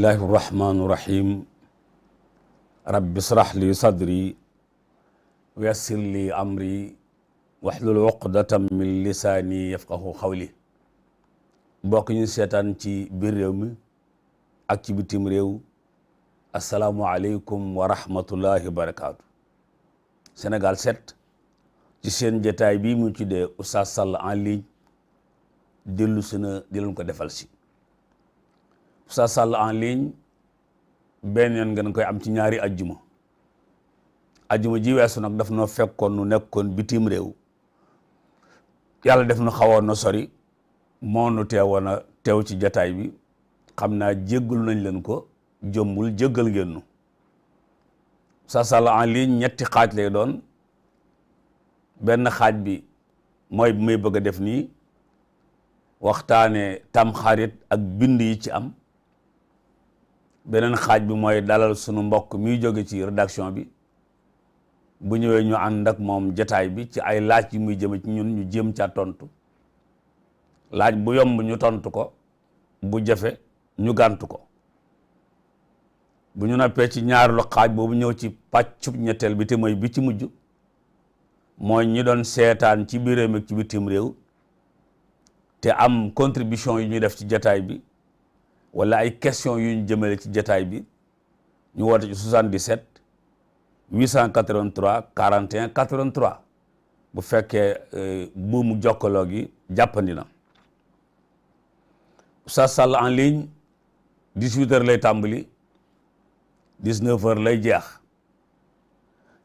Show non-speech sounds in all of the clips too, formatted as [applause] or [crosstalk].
bismillahi irrahmani irrahim rabbi israh sadri yassir li amri waxlul uqdatan min lisaani yafqahu xawli mbokk ñu seetaan ci biir réew mi ak ci bitim réew asalaamualeykum wa rahmatullahi wa barakaatu Sénégal set ci seen jataay bii mu tuddee Oustaz Sall en ligne dellu si na di ko defal si sa sàll en ligne benn yoon ngeen koy am ci ñaari ajjuma ajjuma ji weesu nag daf noo fekkoon nu nekkoon bitim réew yàlla def nu xawoon na sori moo nu teewoon teew ci jataay bi xam naa jéggalu nañ leen ko jëmbul jéggal ngeen nu sa sàll en ligne ñetti xaaj lay doon benn xaaj bi mooy bi may bëgg a def nii waxtaane tam xarit ak bind yi ci am beneen xaaj bi mooy dalal sunu mbokk miy jóge ci rédaction bi bu ñëwee ñu ànd ak moom jataay bi ci ay laaj yu muy jëme ci ñun ñu jéem caa tontu laaj bu yomb ñu tontu ko bu jafe ñu gàntu ko bu ñu noppee ci ñaareelu xaaj boobu ñëw ci pàccub ñetteel bi te mooy bi ci mujj mooy ñi doon seetaan ci biir réew mi ci bitim réew te am contribution yi ñuy def ci jataay bi wala ay question yu ñu jëmale ci jataay bi ñu woote ci 77 883 41 83 bu fekkee euh, buumu jokkaloo gi jàppandi na Oustaz Sall en ligne 18 lay tàmbali 19 lay jeex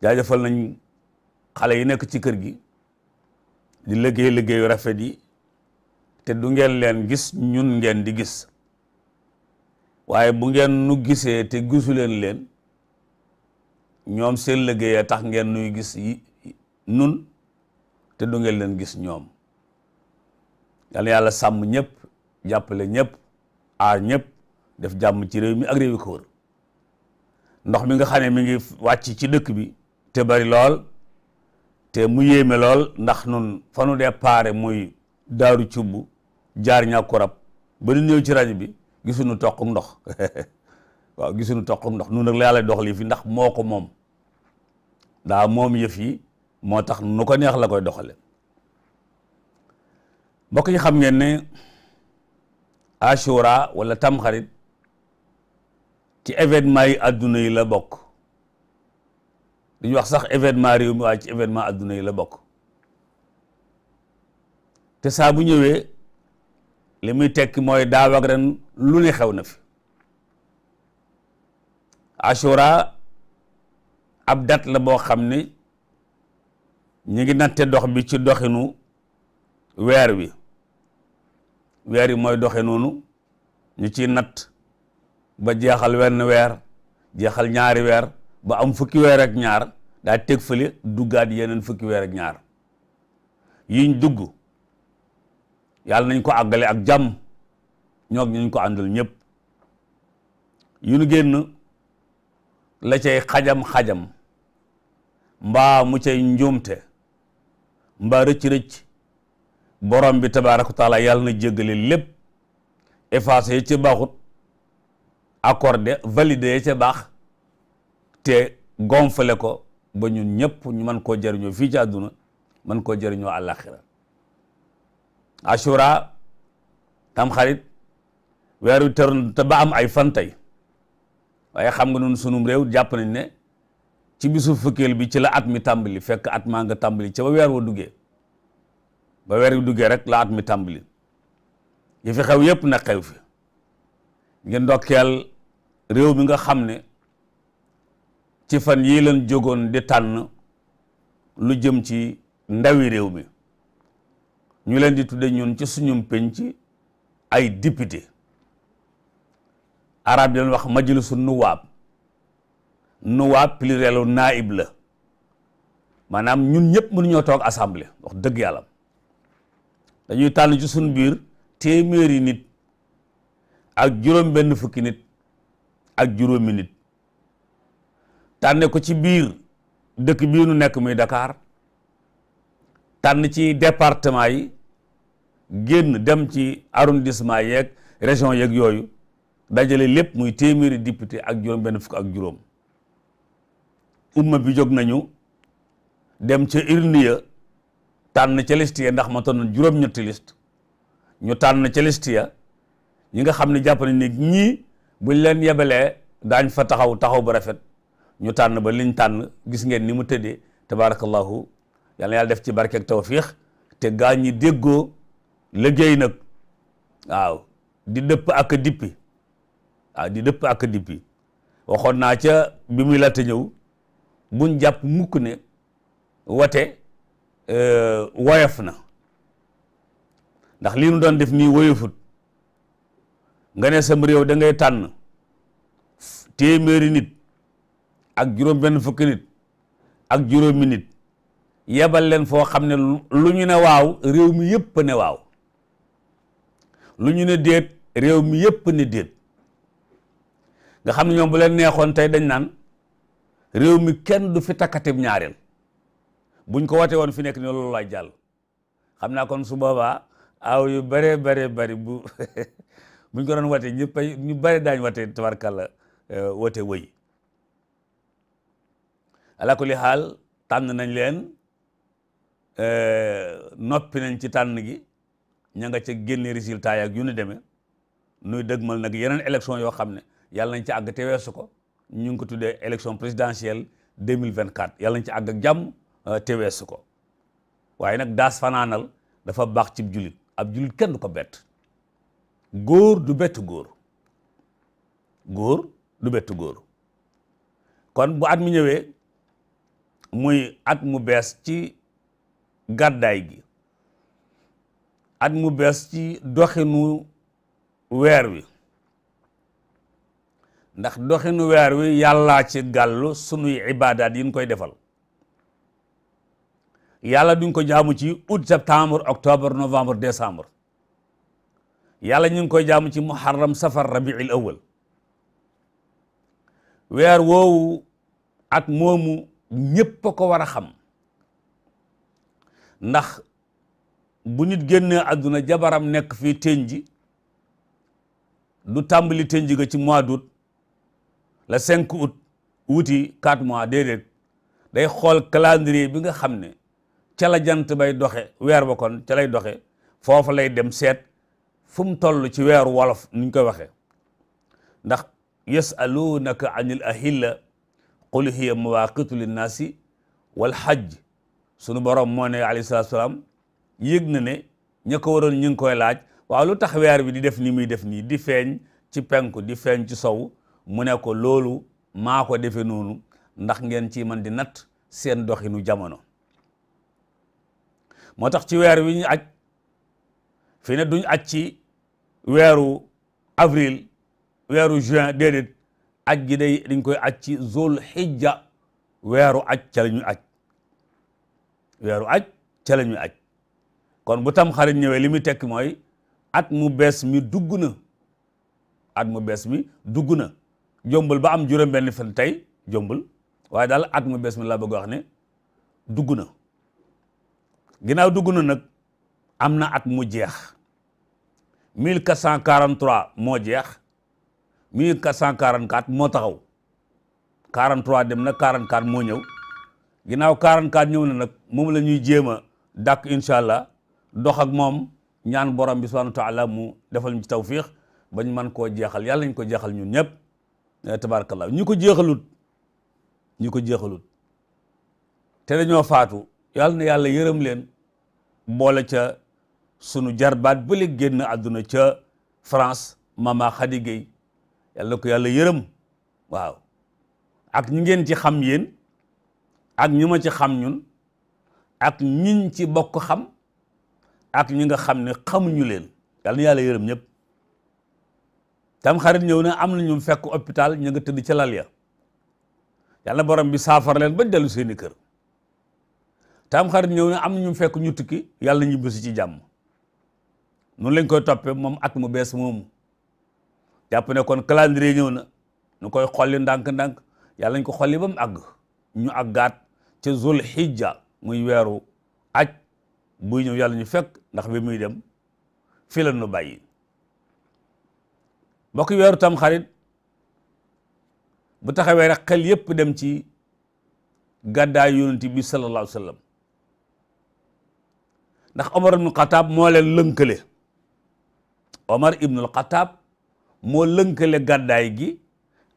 jaajëfal nañ xale yi nekk ci kër gi di liggéey liggéeyu rafet yi te du ngeen leen gis ñun ngeen di gis waaye bu ngeen nu gisee te gisuleen leen leen ñoom seen liggéey a tax ngeen nuy gis nun te du ngeen leen gis ñoom yal na yàlla sàmm ñëpp jàppale ñëpp aar ñëpp def jàmm ci réew mi ak réew yi wër ndox mi nga xam ne mi ngi wàcc ci dëkk bi te bari lool te mu yéeme lool ndax nun fa nu dee paare muy daaru cubb jaar rab ba nu ñëw ci rajo bi gisuñu toquk ndox [laughs] waaw gisuñu toquk ndox nun nag la yàlla fi yëf yi ndax moo ko moom daa moom yëf yi moo tax nu ko neex la koy doxale mbokk yi xam ngeen a ashura wala tamxarit ci événement yi adduna yi la bokk dañuy wax sax événement réew mi waaye ci événement adduna yi la bokk te saa bu li muy tekki mooy daaw ak ren lu ne xew na fi ashura ab dat la boo xam ni ñu ngi natte dox bi ci doxinu weer wi weer yi mooy doxe noonu ñu ci natt ba jeexal wenn weer jeexal ñaari weer ba am fukki weer ak ñaar daa teg fële duggaat yeneen fukki weer ak ñaar yiñ dugg yàlla nañ ko àggale ak jam ñoog ñu ko àndal ñëpp yu génn la cay xajam-xajam mbaa mu cay njuumte mbaa rëcc-rëcc borom bi tabaaraka wa yàlla na jéggale lépp effacé ya ca baaxut accordé validé ya ca baax te gonfale ko ba ñun ñëpp ñu mën koo jëriñoo fii ci àdduna mën koo jëriñoo àllaaxira ashura tamxarit weer wi tër te ba am ay fan tey waaye xam nga nun sunum réew jàpp nañ ne ci bisu fukkeel bi ci la at mi tàmbali fekk at maa nga tàmbali ci ba weer ba weer wi duggee rek la at mi tàmbali yi fi xew yépp na xew fi ngeen ndokkeel réew mi nga xam ne ci fan yii lan jogoon di tànn lu jëm ci ndawi réew mi ñu leen di tudde ñun ci suñum penc ay député arab di leen wax majlisu nuwaab nuwaab plurielu naib la maanaam ñun ñëpp mënuñoo toog assemblée wax dëgg yàlla dañuy tànn ci suñ biir téeméeri nit ak juróom benn fukki nit ak juróomi nit tànne ko ci biir dëkk bii nu nekk muy Dakar tànn ci département yi génn dem ci arrondissement yeeg région yeeg yooyu dajale lépp muy téeméeri député ak juróom benn fukk ak juróom umma bi jóg nañu dem ca urne ya tànn ca liste ya ndax ma tànn juróom-ñetti liste ñu tànn ca liste ya ñi nga xam ne jàpp nañ ñi ñii buñ leen yebalee daañ fa taxaw taxaw ba rafet ñu tànn ba liñ tànn gis ngeen ni mu tëddee tabaarakallahu yàlla yàlla def ci barkeeg tawfiix te gaa ñi déggoo liggéey nag waaw di dëpp ak dippi waaw di waxoon naa ca bi muy laata ñëw buñ jàpp mukk ne wate euh, woyof na ndax li nu doon def nii woyofut nga ne sam réew da ngay tànn téeméeri nit ak juróom benn fukki nit ak juróomi nit yebal leen foo xam ne lu ñu ne waaw réew mi yëpp ne waaw lu ñu ne déet réew mi yépp ne déet nga xam ne ñoom bu leen neexoon tey dañ naan réew mi kenn du fi takkatib ñaareel buñ ko wate woon fi nekk ni loolu jàll xam naa kon su boobaa aaw yu bare bare bari bu [laughs] buñ ko doon wate ñëpp ñu bare daañ wate tabarkàlla euh, wate wëy ala kulli xaal tànn nañ leen euh, noppi nañ ci tànn gi ña nga ca génne résultat yaak yu ni demee nuy dëgmal nag yeneen élection yoo xam ne yàlla nañ ci àgg te weesu ko ñu ngi ko tuddee élection présidentielle 2024 yàlla nañ ci àgg ak jàmm euh, te weesu ko waaye nag daas fanaanal dafa baax cib julit ab julit kenn du ko bett góor du bett góor góor du bett góor kon bu at mu ñëwee muy at mu bees ci gàddaay gi at mu bees ci doxinu weer wi ndax doxinu weer wi yàllaa ci gàllu sunuy ibaadaat yi ñu koy defal yàlla duñ ko jaamu ci août septembre octobre novembre décembre yàlla ñu ngi koy jaamu ci muharram safar rabiul awal weer woowu at moomu ñépp ko war a xam bu nit génnee àdduna jabaram nekk fii tenji du tàmbali tenji ga ci mois d'août la cinq août wuti quatre mois déedéet day xool calendrier bi nga xam ne ca la jant bay doxe weer ba kon ca lay doxe foofu lay dem seet fu mu toll ci weeru wolof niñ koy waxee ndax yasalunaka anil ahilla qul hiya mawaqitu linnaasi wal hajj sunu borom moo ne alayhi salaam yëg na ne ña ko waroon ñu ngi koy laaj waaw lu tax weer wi di def ni muy def nii di feeñ ci penku di feeñ ci sow mu ne ko loolu maa ko defee noonu ndax ngeen ci man di natt seen doxinu jamono moo tax ci weer wi ñu aj fi ne duñ aj ci weeru avril weeru juin déedéet aj gi day dañ koy aj ci zul xijja weeru aj ca aj weeru aj ca la aj kon bu tam xarit ñëwee li muy tekki mooy at mu bees mi dugg na at mu bes mi dugg na jombul ba am juróom-benn fan tey jombul waaye daal at mu bees mi laa bëgg wax ne dugg na ginnaaw dugg na nag am na at mu jeex 1443 moo jeex 1444 moo taxaw 43 dem na 44 moo ñëw ginnaaw 44 ñëw na nag moom la ñuy jéem a dàkk incha allah. dox ak moom ñaan borom bi subhanahu wa taala mu defal ñu ci tawfiix bañ man koo jeexal yàlla ñu ko jeexal ñun ñëpp eh, tabarakallah ñi ko jeexalut ñi ko jeexalut te dañoo faatu yàlla na yàlla yërëm leen boole ca sunu jarbaat bële génn àdduna ca France mama Khady Gueye yàlla ko yàlla yërëm waaw ak ñi ngeen ci xam yéen ak ñi ci xam ñun ak ñiñ ci bokk xam ak ñi nga xam ne xamuñu leen yàlla na yàlla yërëm ñëpp tam xarit ñëw na am na ñu fekk hôpital ñu nga tëdd ca lal ya yàlla borom bi saafara leen bañ dellu seeni kër tam xarit ñëw na am na ñu fekk ñu tukki yàlla ñu bési ci jàmm noonu lañ ko toppee moom ak mu bees moomu jàpp ne kon calendrier ñëw na ñu koy xolli ndànk-ndànk yàlla ñu ko xolli ba mu àgg ñu àggaat ca zul hijja muy weeru aj buy ñëw yàlla ñu fekk ndax bi muy dem fi la nu bàyyi mbokk weeru tam xarit bu taxawee rek xel yépp dem ci gàddaay yonent bi sallallahu alayhi wa ndax Omar ibn Khattab moo leen lënkale Omar gi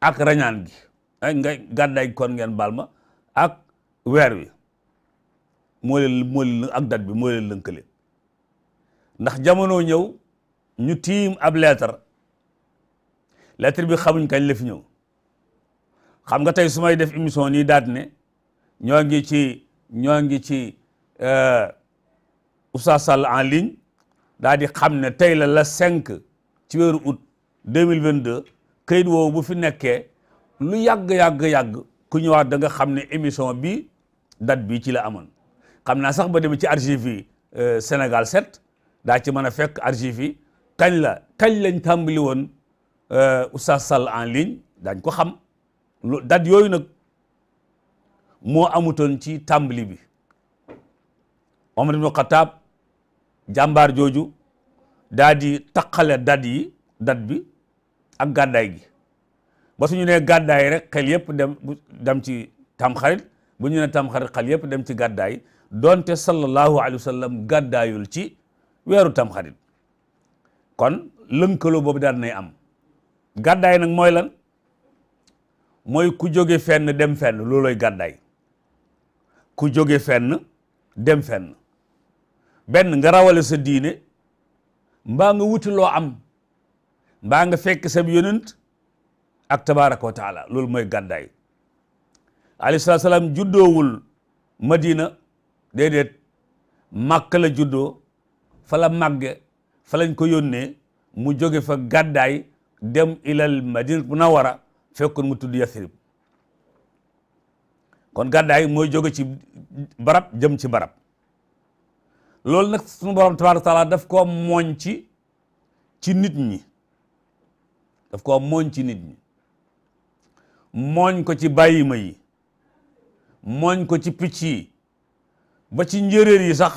ak rañaan gi ay eh, nga gàddaay kon ngeen baal ak weer wi moo leen moo ak date bi moo leen lënkale ndax jamono ñëw ñu tiim ab lettre lettre bi xamuñ kañ la fi ñëw xam nga tey su may def émission nii daat ne ñoo ngi ci ñoo ngi ci euh, Oustaz Sall en ligne daal di xam ne tey la la cinq ci weeru août deux mille vingt deux këyit woowu bu fi nekkee lu yàgg yàgg yàgg ku ñëwaat da nga xam ne émission bi date bi ci la amoon. xam naa sax ba demee ci archive yi euh, Sénégal 7 daa ci mën a fekk archive yi kañ la kañ lañ tàmbali woon euh, Oustaz Sall en ligne dañ ko xam lu dat yooyu nag moo amutoon ci tàmbali bi Omar ibn Khattab jàmbaar jooju daadi di taqale dat yi dat bi ak gàddaay gi ba suñu nee yi rek xel yëpp dem dem ci tamxarit bu ñu nee tamxarit xel yëpp dem ci gàddaay doonte sallallahu alayhi wa sallam gàddaayul ci weeru tamxarit kon lënkaloo boobu daan nay am gàddaay nag mooy lan mooy ku joge fenn dem fenn looloy gàddaay ku joge fenn dem fenn benn nga rawale sa diine mbaa nga wuti loo am mbaa nga fekk sa yonent ak tabaraka wa taala loolu mooy gàddaay alayhi salaam juddoowul madina déedéet makk la juddoo fa la màgge fa lañ ko yónnee mu jóge fa gàddaay dem ilal madina munawara fekkoon mu tudd yasrib kon gàddaay mooy joge ci barab jëm ci barab loolu nag suñu borom tabaaraka daf koo mooñ ci nit ñi daf koo mooñ ci nit ñi mooñ ko ci bàyyima yi mooñ ko ci picc yi ba ci njéeréer yi sax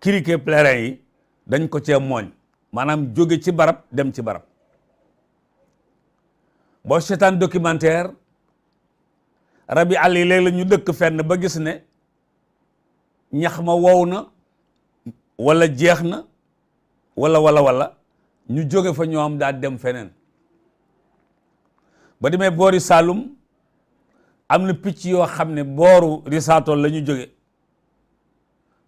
criquet plérin yi dañ ko cee mooñ maanaam jóge ci barab dem ci barab boo seetaan documentaire rabi àll yi léeg la ñu dëkk fenn ba gis ne ñax ma wow na wala jeex na wala wala wala ñu jóge fa ñoo am daal dem feneen ba demee boori Saalum am na picc yoo xam ne booru Risaato la ñu jóge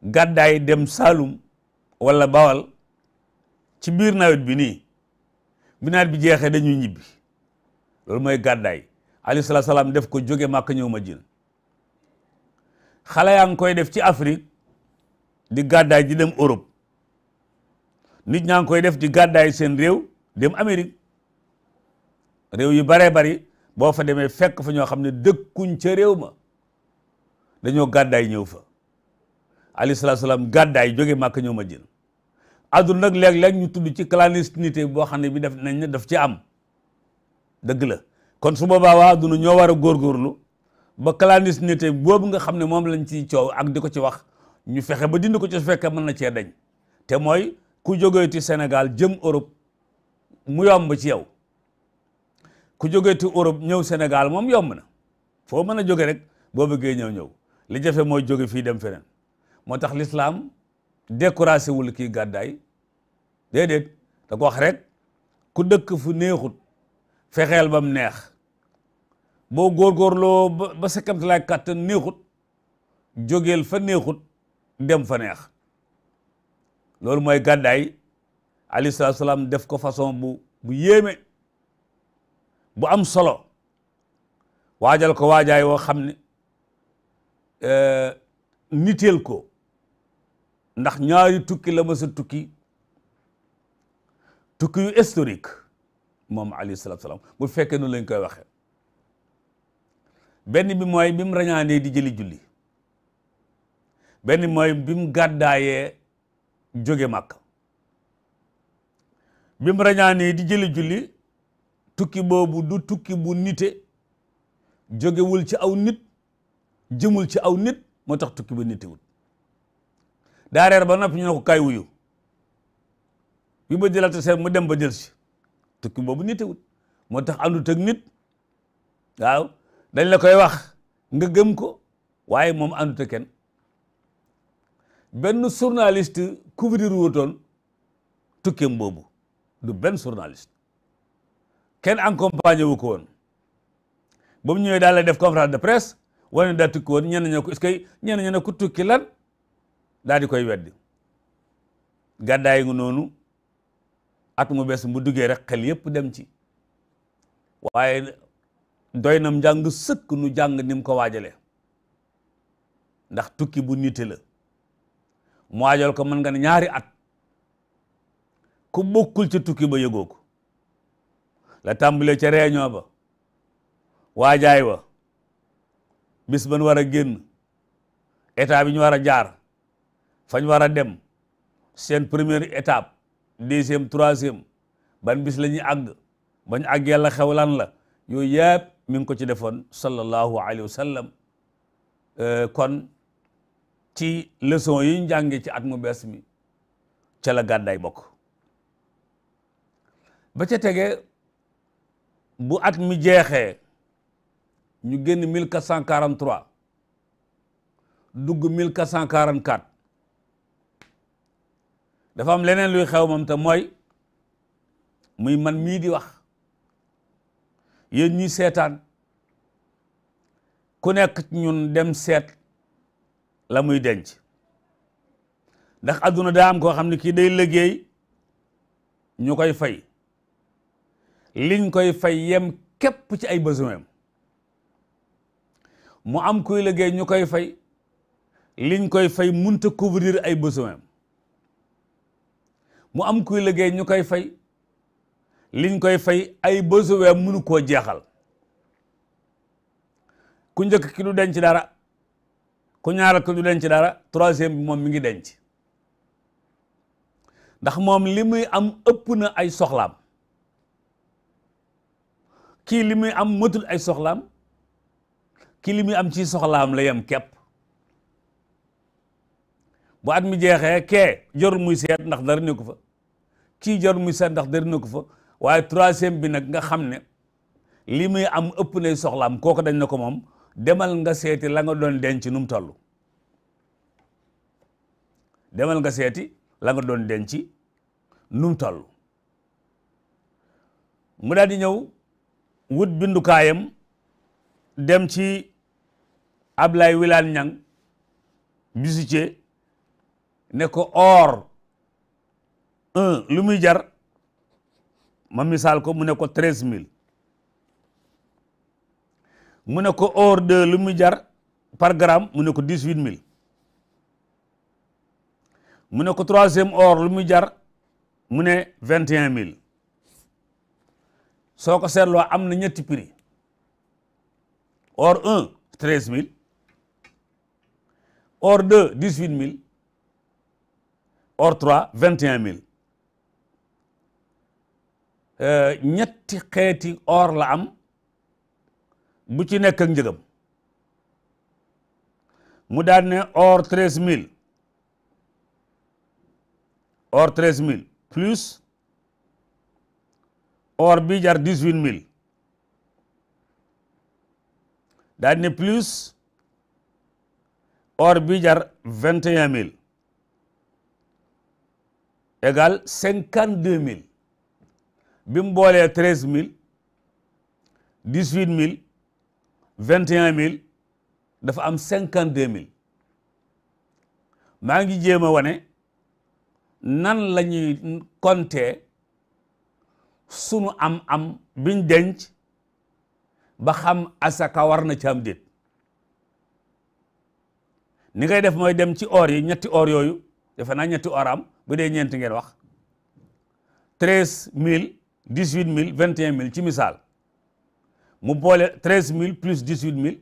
gàddaay dem Saalum walla Bawal ci biir nawet bi nii bi bi jeexee dañuy ñibbi loolu mooy gàddaay alayhi salaatu salaam def ko jóge Màkka ñëw Madina xale yaa ngi koy def ci Afrique di gàddaay ji dem Europe nit ñaa ngi koy def di gàddaay seen réew dem Amérique réew yu baree bari boo fa demee fekk fa ñoo xam ne dëkkuñ ca réew ma dañoo gàddaay ñëw fa alayhi salaatu salaam gàddaay jóge Màkka ñëw Madina àdduna nag léeg-léeg ñu tudd ci clandestinité boo xam ne bi def nañ ne daf ci am dëgg la kon su boobaa waa àdduna ñoo war a góorgóorlu ba clandestinité boobu nga xam ne moom lañ ciy coow ak di ko ci wax ñu fexe ba dindi ko ci su fekkee mën na cee dañ te mooy ku jógee ci senegal jëm Europe mu yomb ci yow ku jógee ci Europe ñëw Sénégal moom yomb na foo mën a jóge rek boo bëggee ñëw ñëw li jafe mooy jóge fii dem feneen moo tax lislaam découragé wul ki gàddaay déedéet da ko wax rek ku dëkk fu neexut fexeel bam neex boo góorgóorloo ba sa kamtalaay kàttan neexut jógeel fa neexut dem fa neex loolu mooy gàddaay alayhi salaam def ko façon bu bu yéeme bu am solo waajal ko waajaay woo xam ne euh, niteel ko ndax ñaari tukki la mës tukki tukki yu historique moom alayhi salaam bu fekkee noonu lañ koy waxe benn bi mooy bi mu di jëli julli benn mooy bi mu gàddaayee jóge màkk bi mu di jëli julli tukki boobu du tukki bu nite jógewul ci aw nit jëmul ci aw nit moo tax tukki ba nitewul daa ba noppi ñu ne ko kaay wuyu bi ba jëlaat seet mu dem ba jël si tukki boobu nitewut moo tax àndut ak nit waaw dañ la koy wax nga gëm ko waaye moom àndut ak kenn benn journaliste couvrir wutoon tukkeem boobu du benn journaliste kenn accompagné wu ko woon ba mu daal lay def conférence de presse wane daa tukki woon ñenn ñoo ko est-ce que ñenn ñoo ne ko tukki lan daal di koy weddi gàddaay ngu noonu at mu bees mu duggee rek xel yépp dem ci waaye doy nam njàng sëkk nu jàng nim mu ko waajale ndax tukki bu nite la mu waajal ko mën nga ne ñaari at ku bokkul ca tukki ba yëgoo la tàmbalee ca réunion ba waajaay wa bis ban war a génn état bi ñu war a jaar fañ war a dem seen première étape deuxième troisième ban bis lañuy ñuy àgg bañ àggee la xewlan la yooyu yëpp mi ngi ko ci defoon sallallahu alayhi wa sallam euh, kon ci leçon yi ñu jàngee ci at mu bees mi ca la gàddaay bokk ba ca tege bu at mu jeexee ñu génn mille 1443 dugg 1444 dafa am leneen luy xew moom te mooy muy man mii di wax yéen ñi seetaan ku nekk ñun dem seet la muy denc ndax adduna daa am koo xam ne kii day liggéey ñu koy fay liñ koy fay yem képp ci ay besoin mu am kuy liggéey ñu koy fay liñ koy fay munta couvrir ay besoin mu am kuy liggéey ñu koy fay liñ koy fay ay besoin mënu koo jeexal ku njëkk ki du denc dara ku ñaaral ki du denc dara troisième bi moom mi ngi denc ndax moom li muy am ëpp na ay soxlaam kii li muy am mëtul ay soxlaam kii li muy am ci soxlaam la yem képp bu at mu jeexee kee jarul muy seet ndax dara nekku fa kii jarul muy seet ndax dara nekku fa waaye troisième bi nag nga xam ne li muy am ëpp nay soxlaam kooku dañ na ko moom demal nga seeti la nga doon denc nu mu toll demal nga seeti la nga doon denc nu mu toll mu daal di ñëw wut bindukaayam dem ci Ablaye Wilane Niang bijoutier ne ko or un lu muy jar ma misaal ko mu ne ko treize mille mu ne ko or de lu muy jar par gramme mu ne ko dix huit mille mu ne ko troisième or lu muy jar mu ne vingt et un mille soo ko seetloo am na ñetti prix or un treize mille or deux dix huit mille or 3 21000 ñetti xeeti or la am bu ci nekk ak mu daan ne or 13000 or 13000 plus or bi jar mill daan ne plus or bi jar 21000 égale cinquante deux mille bi mu boolee treize mille dix huit mille vingt et un mille dafa am cinquante deux mille maa ngi jéem a wane nan la ñuy compter sunu am-am biñ denc ba xam asaka war na ci am déet ni ngay def mooy dem ci or yi ñetti or yooyu. defe naa ñetti oraam bu dee ñeenti ngeen wax treize mille dix huit mille vingt et un mille ci missal mu boole treize mille plus dix huit mille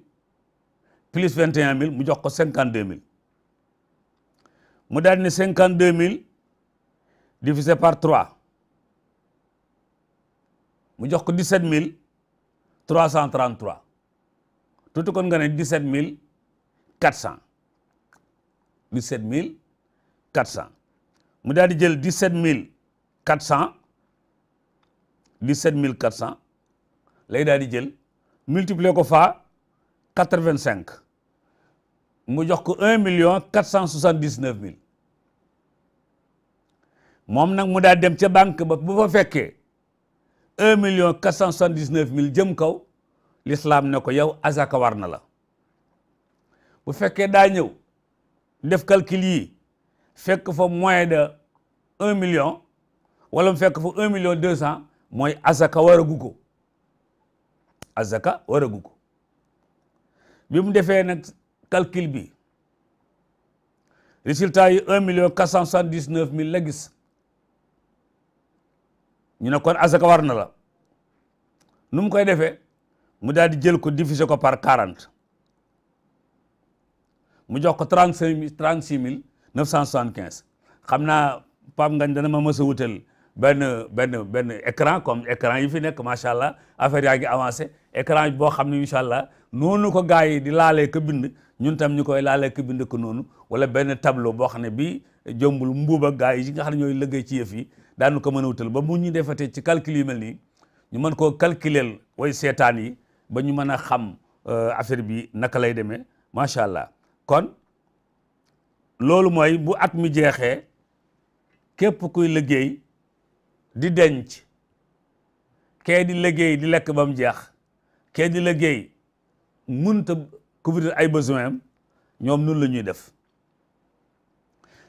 plus vingt et un mille mu jox ko cinquante deux mille mu daal ni cinquante mille divisé par trois mu jox ko dix sept mille trois cent trente trois tuuti kon nga ne dix sept mille quatre cent dix sept mille quatre cent mu daal di jël dix sept mille quatre cent dix sept mille quatre cent lay daal di jël multiplier ko fa quatre vingt cinq mu jox ko un million quatre cent soixante dix neuf mille moom nag mu daal dem ca banque ba bu fa fekkee un million quatre cent soixante dix neuf mille jëm kaw l'islam ne ko yow azaka war na la bu fekkee daa ñëw def calcul yi fekk fa moins de un million wala mu fekk fa un million deux cent mooy asaka waragu ko asaka waragu ko bi mu defee nag calcul bi résultat yi un million quatre cent soixante dix neuf mille la gis ñu ne kon war na la nu mu koy defee mu daal di jël ko diviser ko par quarante mu jox ko trente cinq mille trente six mille 975 xam naa Pape Ngagne dana ma mës a benn benn benn écran comme écran yi fi nekk macha allah affaire yaa gi avancé écran boo xam ne incha allah noonu ko gars yi di laalee ko bind ñun tam ñu koy laalee ko bind ko noonu wala benn tableau boo xam ne bii jombul mbuuba gars yi nga xam ne ñooy liggéey ci yëf yi daanu ko mën a wutal ba mu ñu defatee ci calcul yu mel ni ñu mën koo calculer way seetaan yi ba ñu mën a xam euh, affaire bi naka lay demee macha allah loolu mooy bu at mu jeexee képp kuy liggéey di denc kee di liggéey di lekk ba mu jeex kee di liggéey munta couvrir ay besoin ñoom nun la ñuy def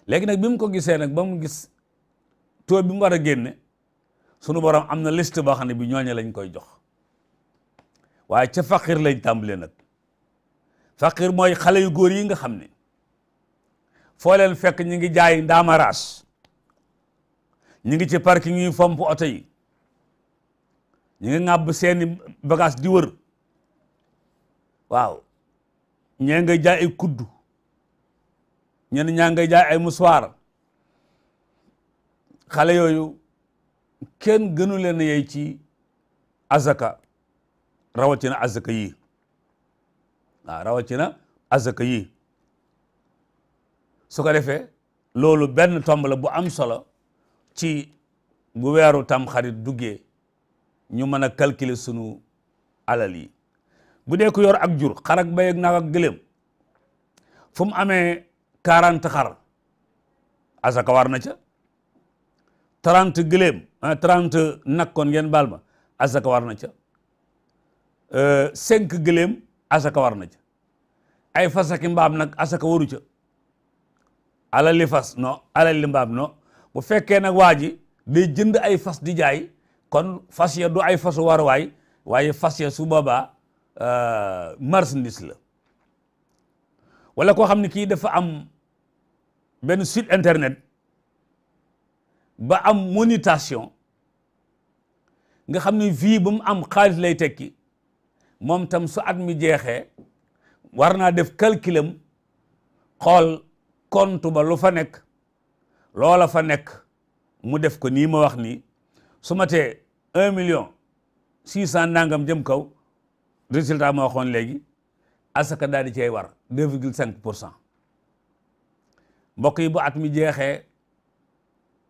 léegi nag bi mu ko gisee nag ba mu gis taux bi mu war a génne sunu borom am na liste boo xam ne bi ñooñe lañ koy jox waaye ca faqir lañ tàmbalee nag faqir mooy xale yu góor yi nga xam ne foo leen fekk ñi ngi jaay ndaamaraas ñi ngi ci parking yi fomp oto yi ñi ngi ŋàbb seeni bagage di wër waaw ñee ngay jaay ay kuddu ñenn ñaa ngay jaay ay musuwaar xale yooyu kenn gënu leen yey ci azaka rawatina azaka yi waaw rawatina azaka yi su ko defee loolu benn tomb la bu am solo ci bu weeru tam xarit duggee ñu mën a calculer sunu alal yi bu dee ko yor ak jur xar ba béy ak nag ak gëléem fu mu amee quarante xar asaka war na ca trent gëléem ah trente nag kon ngeen baal ma asaka war na ca euh, cinq gëléem asaka war na ca ay fasaki mbaam nag asaka waru ca alal li fas no alal mbaam non bu fekkee nag waa ji day jënd ay fas di jaay kon fas ya du ay fasu waruwaay waaye fas ya su boobaa euh, marchandise la wala koo xam ne kii dafa am benn site internet ba am monitation nga xam ne vie ba mu am xaalis lay tekki moom tam su at mi jeexee war naa def calculam xool kon ba lu fa nekk loola fa nekk mu def ko nii ma wax nii su ma tee un million six cent nangam jëm kaw résultat ma waxoon léegi asaka daal di cay war deux virgule cinq pour cent mbokk yi bu at mi jeexee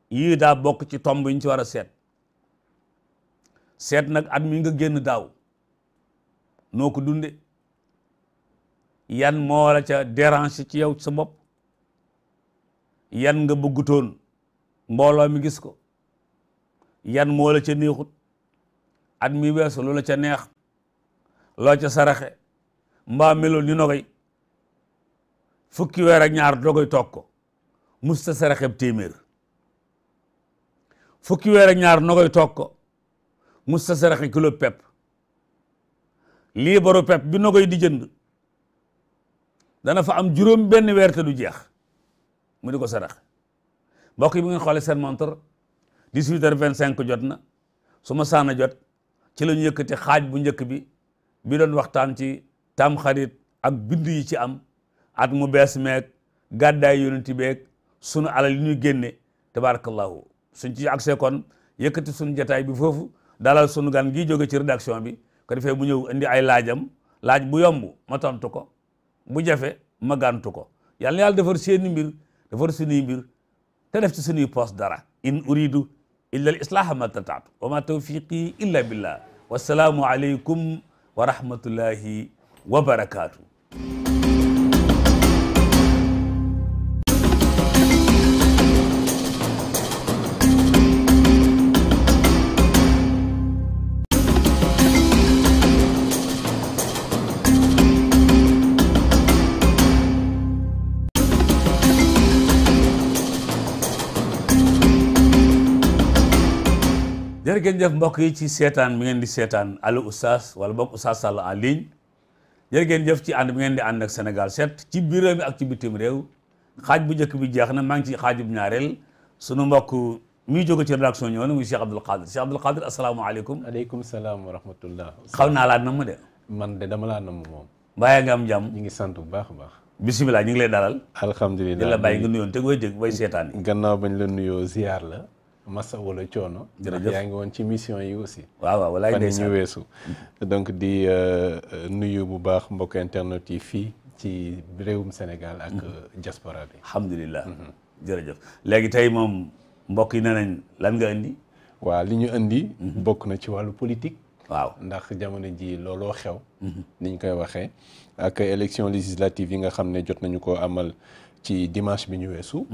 yii daa bokk ci tomb yi ñu ci war a seet seet nag at mi nga génn daaw noo ko dunde yan moo la ca dérange ci yow sa bopp yan nga bëggutoon mbooloo mi gis ko yan moo la ca neexut at mi weesu lu la ca neex loo ca saraxe mbaa meloon di nogay fukki weer ak ñaar toog ko mus ta saraxeb téeméer ñaar nogoy toog ko mus sa saraxe kilo pep lii pep bi nogoy di jënd dana fa am juróom benn weer te du jeex mu di ko sarax mbokk yi bu ngeen xoolee seen montre 18 vingt cinq jot na su ma saana jot ci la ñu yëkkati xaaj bu njëkk bi bi doon waxtaan ci tam xarit ak bind yi ci am at mu bees meeg gàddaay yonent beeg sunu alal yi ñuy génne tabarakallahu suñ ci accès kon yëkkati sunu jataay bi foofu dalal sunu gan gi jóge ci rédaction bi ko defee mu ñëw indi ay laajam laaj bu yomb ma tontu ko bu jafe ma gàntu ko yàlla na yàlla defar seeni mbir defar suñuy mbir te def ci suñuy poos dara in uridu illa al islaha ma tataatu wa ma tawfiqi illa billah wassalaamu aleykum wa rahmatullahi wa barakaatu jërë ngeen mbokk yi ci seetaan mi ngeen di seetaan Allo Oustaz wala boog Oustaz Sall en ligne jërë ngeen jëf ci ànd mi ngeen di ànd ak Sénégal set ci biir réew mi ak ci bitim réew xaaj bu njëkk bi jeex na maa ngi ci xaaj bu ñaareel sunu mbokk mi jóge ci rédaction ñëw na muy Cheikh Abdoul Khadir Cheikh Abdoul Khadir asalaamaaleykum. aleykum salaam wa rahmatullah. xaw naa laa namm de. man de dama na namm moom. bàyyi nga am jàmm. ñu ngi sant bu baax a baax. bisimilah ñu ngi lay dalal. alhamdulilah di la bàyyi nga nuyoon te booy jëg nuyoo ziar la massa walla coono. jërëjëf yaa ngi woon ci mission yi aussi. waaw waaw walaay ndeysaan fan ñu weesu. Mm-hmm. donc di euh, euh, nuyu bu baax mbokk internet yi fii ci réewum Sénégal ak mm-hmm. euh, diaspora bi. Mm-hmm. jërëjëf léegi tey moom mbokk yi nee lan nga indi. waaw li ñu indi. bokk na ci wàllu politique. waaw ndax jamono ji looloo xew. niñ koy waxee ak élection législative yi nga xam ne jot nañu ko amal ci dimanche bi ñu weesu.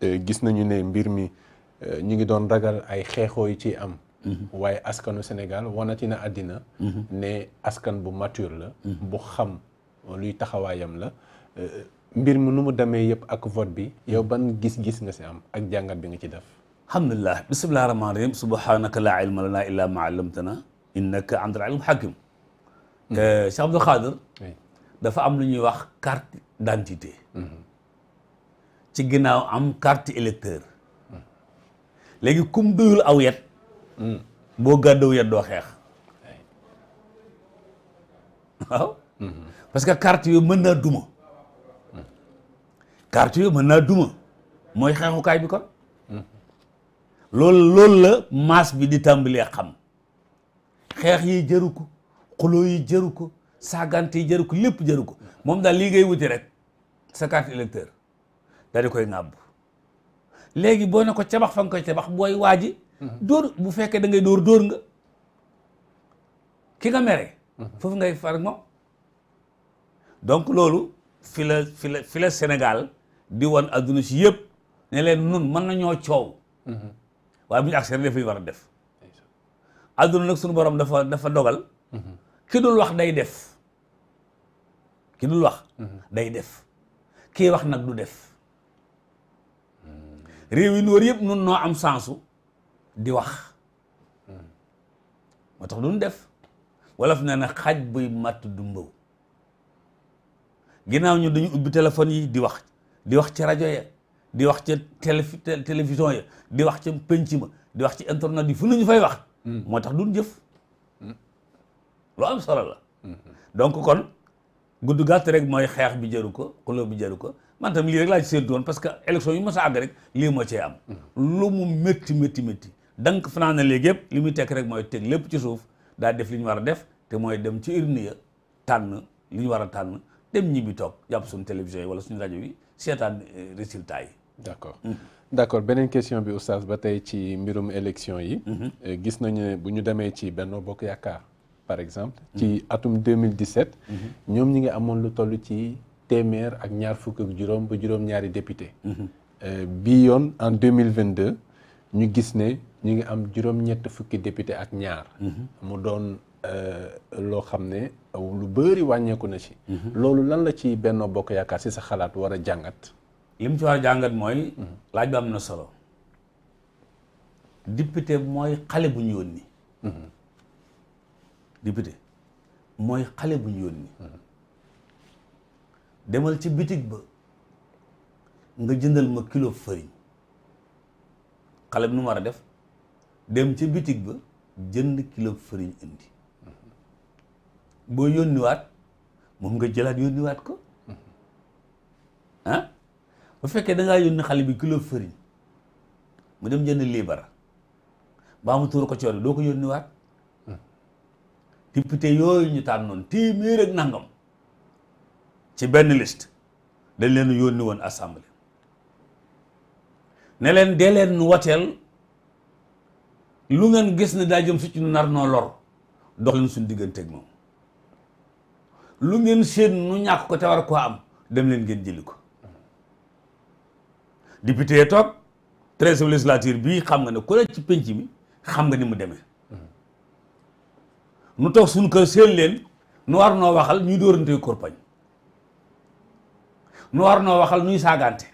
gis nañu ne mbir mi. Euh, ñu ngi doon ragal ay xeexoo yi ci am. Mhm. waaye askanu Sénégal wanati na àddina. Mhm. ne askan bu mature la. Mhm. bu xam euh, luy taxawaayam la. Euh, mbir mi nu mu demee yëpp ak vote bi. yow ban gis-gis nga si am ak jàngat bi nga ci def. alhamdulilah bisimilah rahmaani rahiim subhaanaka laa ilma lanaa illaa maa allamtanaa innaka am lu ñuy wax carte d'identité. ci ginnaaw am carte électeur léegi kum doyul aw yet hmm. boo gàddaw yet doo xeex [laughs] waaw hmm. parce que carte yooyu mën naa duma kart yooyu mën naa duma mooy xeexukaay bi kon hmm. loolu loolu la maas bi di tàmbalee xam xeex yi jëru ko xuloo yi ko saagante yi jëru ko lépp jëru ko moom daal lii ngay wuti rek sa carte électeur daal di koy ŋàbb léegi boo ne ko cabax fa nga koy cabax booy waaji mhm. dóor bu fekkee da ngay dóor dóor nga ki nga mere mhm. foofu ngay far moom donc loolu fi la fi la fi la Sénégal di won adduna si yëpp ne leen nun mën nañoo coow mhm. waaye bu ñu accès def li war a def adduna nag sunu borom dafa dafa dogal ki dul wax day def ki dul wax day def kii wax nag du def réew yi ñu wër yëpp nun noo am sansu di wax moo tax duñ def wolof nee na xaj buy matt du mbaw ginnaaw ñu dañu ubbi téléphone yi di wax di wax ci rajo ya di wax ca télé télévision ya di wax ca penc ma di wax ci internet yi fu ñu fay wax hmm. moo tax duñ jëf hmm. loo am solo la hmm. donc kon gudd gàtt rek mooy xeex bi jëru ko xuloo bi jëru ko man tam lii rek laa ci séentu woon parce que élection yi ma sa àgg rek lii moo cee am lu mu métti métti métti dank fanaa na léegi yëpp li muy tekk rek mooy teg lépp ci suuf daa def li ñu war a def te mooy dem ci urne ya tànn li ñu war a tànn dem ñibbi toog jàpp suñu télévision yi wala suñu rajo yi seetaan eh, résultat yi d' accord mm. d' accord beneen question bi oustaz ba tey ci mbirum élection yi mm-hmm. eh, gis nañu bu ñu demee ci Benno Bokk Yaakaar par exemple mm-hmm. ci atum 2017 mm-hmm. ñoom ñi ngi amoon lu toll ci téeméer ak ñaar fukk ak juróom ba juróom-ñaari député mhm. euh, bii yoon en 2022 ñu gis ne ñu ngi am juróom-ñett fukki député ak ñaar mhm. mu doon euh, loo xam ne lu bëri wàññeeku na ci mhm. loolu lan la ci Benno Bokk Yaakaar ci sa xalaat war a jàngat li mu ci war a jàngat mooy laaj bi am na solo député mooy xale bu ñu yónni député mooy xale bu ñu yónni demal ci bitig ba nga jëndal ma kilo farine xale bi nu war a def dem ci bitig ba jënd kilo farine indi boo yónniwaat moom nga jëlaat yónniwaat ko ah bu fekkee da ngaa yónni xale bi kilo farine mu dem jënd liibara baa mu tuur ko coon doo ko yónniwaat hmm. député yooyu ñu tànnoon téeméer ak nangam ci benn liste dañ leen yónni woon assemblée ne leen dee leen wateel lu ngeen gis ne daa jëm su ci nar noo lor dox leen suñ digganteeg moom lu ngeen seen nu ñàkk ko te war koo am dem leen ngeen jëli ko député yee toog treizième législature bii xam nga ne ku nekk ci penc mi xam nga ni mu demee mm-hmm. nu toog suñ kër seen leen nu war noo waxal ñuy dóorante korpañ nu war noo waxal nuy saagante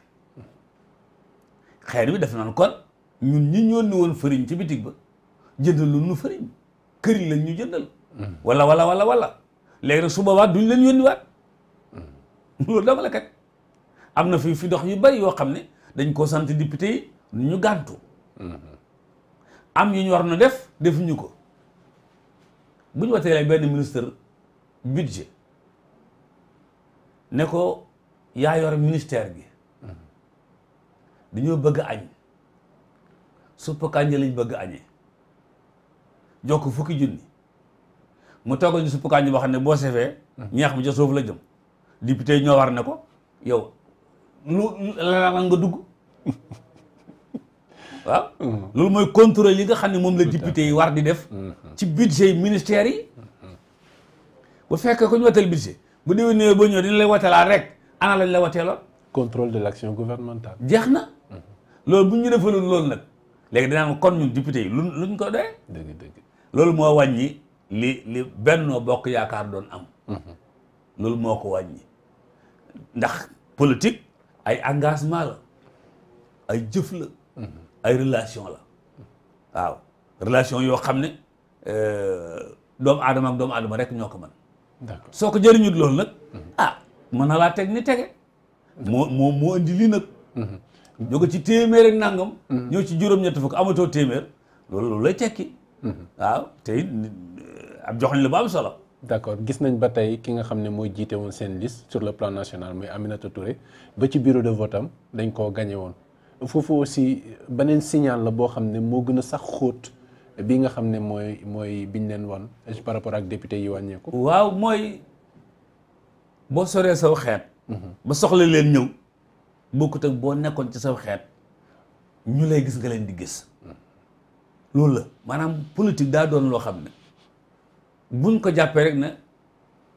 xeer bi def na nañ kon ñun ñi ñoon woon fëriñ ci bitig ba jëndal lu nu fëriñ këriñ lañ ñu jëndal wala wala wala wala léegi nag su boobaa duñ leen yónniwaat loolu dama la kat am na fi fi dox yu bari yoo xam ne dañ koo sant député yi ñu gàntu am yu ñu war na def defuñu ko bu ñu watee benn ministre budget ne ko yaa yor ministère gi dañoo bëgg añ supp kànja lañ bëgg añee jokk fukki junni mu toggal ñu supp kànja boo xam ne boo sefee ñeex bi ca suuf la jëm député yi ñoo war ne ko yow lu la lan nga dugg [laughs] waaw loolu mooy contrôle li nga xam ne moom la député yi war di def mm-hmm. ci budget ministère yi mm-hmm. bu fekkee ko ñu watal budget bu déwénee ba ñëw dina lay watalaat rek ana lañ la wateeloon. contrôle de l' action gouvernementale. jeex na loolu bu ñu defalul loolu nag léegi dinaan kon ñu député yi lu ñu ko dee. dëgg dëgg loolu moo wàññi li li Benno Bokk Yaakaar doon am. Mhm. loolu moo ko wàññi ndax politique ay engagement la ay jëf la. Mhm. ay relation la waaw relation yoo xam ne euh, doomu aadama ak doomu aadama rek ñoo ko man soo ko jëriñut loolu nag mhm. ah, mën na laa teg ni tege moo moo moo indi lii nag jóge mm-hmm. ci téeméer ak nangam mm-hmm. ñëw ci juróom-ñett fukk amatoo téeméer loolu loolu lay tekki mm-hmm. waaw te it ab joxañ la ba am solo d' accord gis nañ ba tey ki nga xam ne mooy jiite woon seen liste sur le plan national muy Aminata Touré ba ci bureau de vote am dañ koo gañe woon foofu aussi beneen signal la boo xam ne moo gën a sax xóot bi nga xam ne mooy mooy biñ leen wan par rapport ak député yi wàññeeku waaw mooy boo soree saw xeet ba soxla leen ñëw bokkut ak boo nekkoon ci saw xeet ñu lay gis nga leen di gis loolu la maanaam politique daa doon loo xam ne buñ ko jàppee rek ne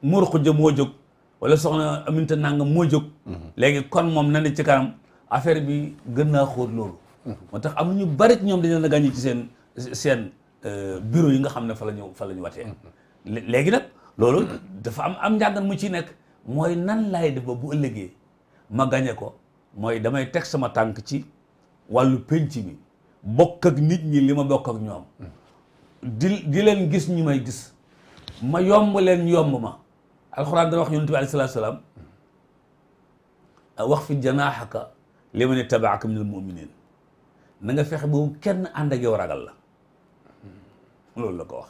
mor xuja moo jóg wala soxna aminta nangam moo jóg léegi kon moom na ne ci kanam affaire bi gën naa xóot loolu moo tax am ñu bari ñoom dañu leen ci seen seen euh, bureau yi nga xam ne fa la ñu fa la ñu watee léegi nag loolu dafa am am njàngat mu ciy nekk mooy nan laay def ba bu ëllëgee ma gañe ko mooy damay teg sama tànk ci wàllu penc bi bokk ak nit ñi li ma bokk ak ñoom di leen gis ñu may gis ma yomb leen yomb ma alxuraan dana wax yonent bi alayhi salaatu salaam wax fi janaaxaka li ne tabaaka minal muminin na nga fexe boobu kenn ànd ak yow ragal la loolu la ko wax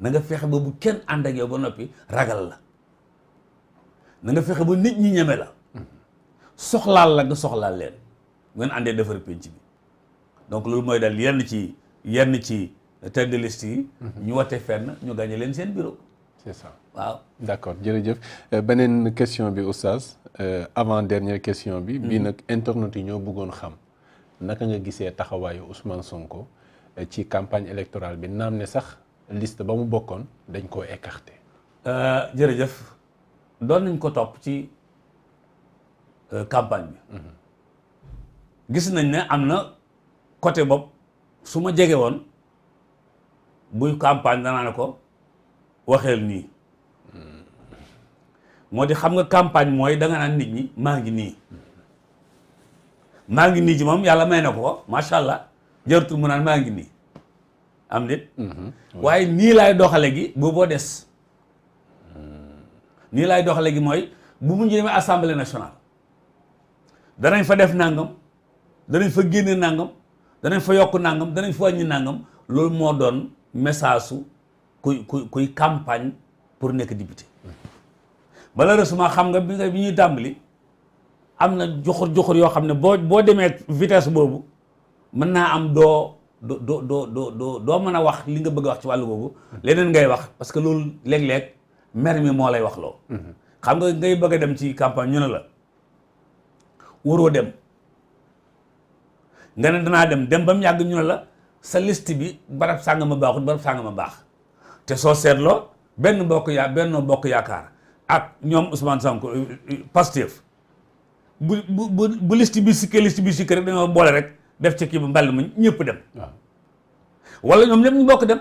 nanga nga fexe boobu kenn ànd ak yow ba noppi ragal la na nga fexe ba nit ñi ñeme la soxlaal la nga soxlaal leen ngeen àndee defar pinc bi donc loolu mooy daal yenn ci yenn ci tête de yi mhm. ñu wote fenn ñu gàñe leen seen bureau c'est ça waaw d'accord jërëjëf euh, beneen question bi oustaz euh, avant dernier question bi bii mhm. nag internet yi ñoo bëggoon xam naka nga gisee taxawaayu Ousmane Sonko euh, ci campagne électorale bi naam ne sax liste ba mu bokkoon dañ koo écarté jërëjëf doon nañ ko topp ci euh, campagne bi mhm. gis nañ ne am na côté bopp su ma jege woon buy campagne danaa ne ko waxeel nii mhm. moo di xam nga campagne mooy da naan nit ñi maa ngi nii maa ngi nii ci moom yàlla may na ko macha allah jërtul mu naan maa ngi nii am nit mhm. waaye nii laay doxale gi booboo des nii laay dox léegi mooy bu mu ñu demee assemblée nationale danañ fa def nangam danañ fa génne nangam danañ fa yokk nangam danañ fa wàññi nangam loolu moo doon message su kuy kuy kuy campagne pour nekk député malheureusement xam nga bi nga bi ñuy tàmbali am na joxur joxur yoo xam ne boo boo demee vitesse boobu mën naa am doo doo doo doo doo doo mën a wax li nga bëgg a wax ci wàllu boobu hmm. leneen ngay wax parce que loolu léeg-léeg. mer mi moo lay wax loo xam nga ngay bëgg a dem ci campagne ñu ne la waroo dem nga ne danaa dem dem ba mu yàgg ñu ne la sa liste bi barab sàng ma baaxut barab sàng ma baax te soo seetloo benn bokk yaa benn bokk yaakaar ak ñoom Ousmane Sonko euh, euh, Pastef bu bu bu liste bi sikkee liste bi sikkee rek dañoo boole rek def ci kii bu mbal ma ñëpp dem. waaw ñoom ñu bokk dem.